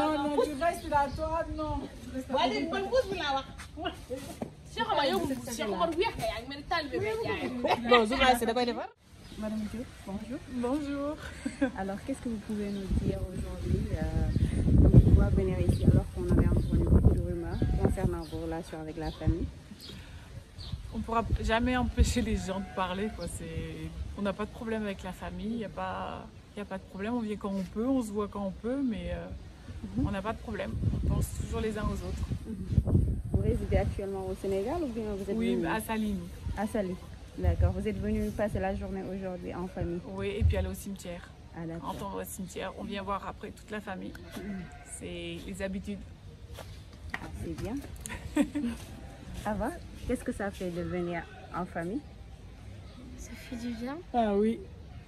non, non, là, toi, non. Tu ban là. la wa. là. ma yau Sheikh Umar wiya ka chère! men c'est ba yayi. Bon, zo c'est Madame Dieu, bonjour. Bonjour. Alors, qu'est-ce que vous pouvez nous dire aujourd'hui euh, Pourquoi venir ici alors qu'on avait entendu beaucoup de rumeurs concernant vos relations avec la famille on ne pourra jamais empêcher les gens de parler. Quoi. On n'a pas de problème avec la famille, il n'y a, pas... a pas de problème. On vient quand on peut, on se voit quand on peut, mais euh, Mhm. On n'a pas de problème. On pense toujours les uns aux autres. Mhm. Vous résidez actuellement au Sénégal ou bien vous êtes Oui, à Salim. À Salim. D'accord. Vous êtes venu passer la journée aujourd'hui en famille Oui, et puis aller au cimetière. Ah, au cimetière, on vient voir après toute la famille. Mhm. C'est les habitudes. C'est bien. va. qu'est-ce que ça fait de venir en famille Ça fait du bien. Ah oui,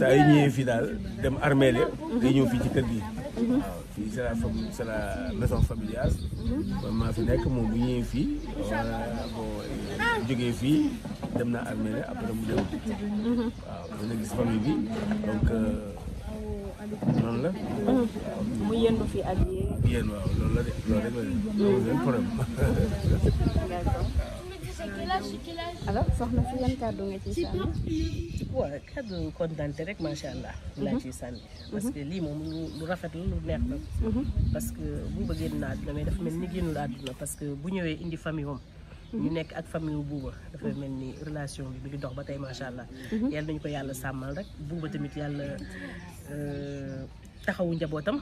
saa yu ñëwee fii daal dem armeel ya ñëw fii ci kër gi waaw fii c'est la famille maison familiale man maa fi nekk moom bu ñëwee fii wala boo jógee fii dem na armeel après mu dem waaw dana gis famille bi donc euh, la. mu yëndu waaw loolu la de loolu rek de. loolu problème. alors soxna si yan kàddu nga ciy sànni. waaw kàddu kontaante rek macha allah. laa mhm. ciy sànni. Mhm. parce que lii moom lu rafet la lu neex la. Mhm. parce que bu bëggee naa àdduna mais dafa mel ni génnul àdduna parce que bu ñëwee indi famille moom. ñu nekk ak famille buuba dafa mel ni relation bi mi ngi dox ba tey macha allah. yàlla nañu ko yàlla sàmmal rek buuba tamit yàlla. Euh, taxawu njabotam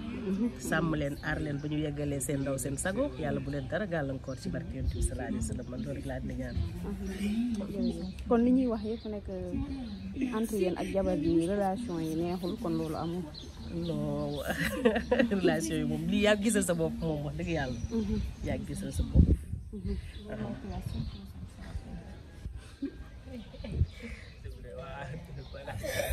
sam len ar len buñu yeggalé sen ndaw sen sago yalla bu len dara gàllankoor ci barke entou bi sallallahu alayhi wa sallam man loolu laa dina ñaan kon li ñuy wax yef nek entre yeen ak jabar bi relation yi neexul kon lolu amul lo relation yi mom li ya gissal sa bop mom wax deug yalla ya gissal sa bopp mhm. mhm. waaw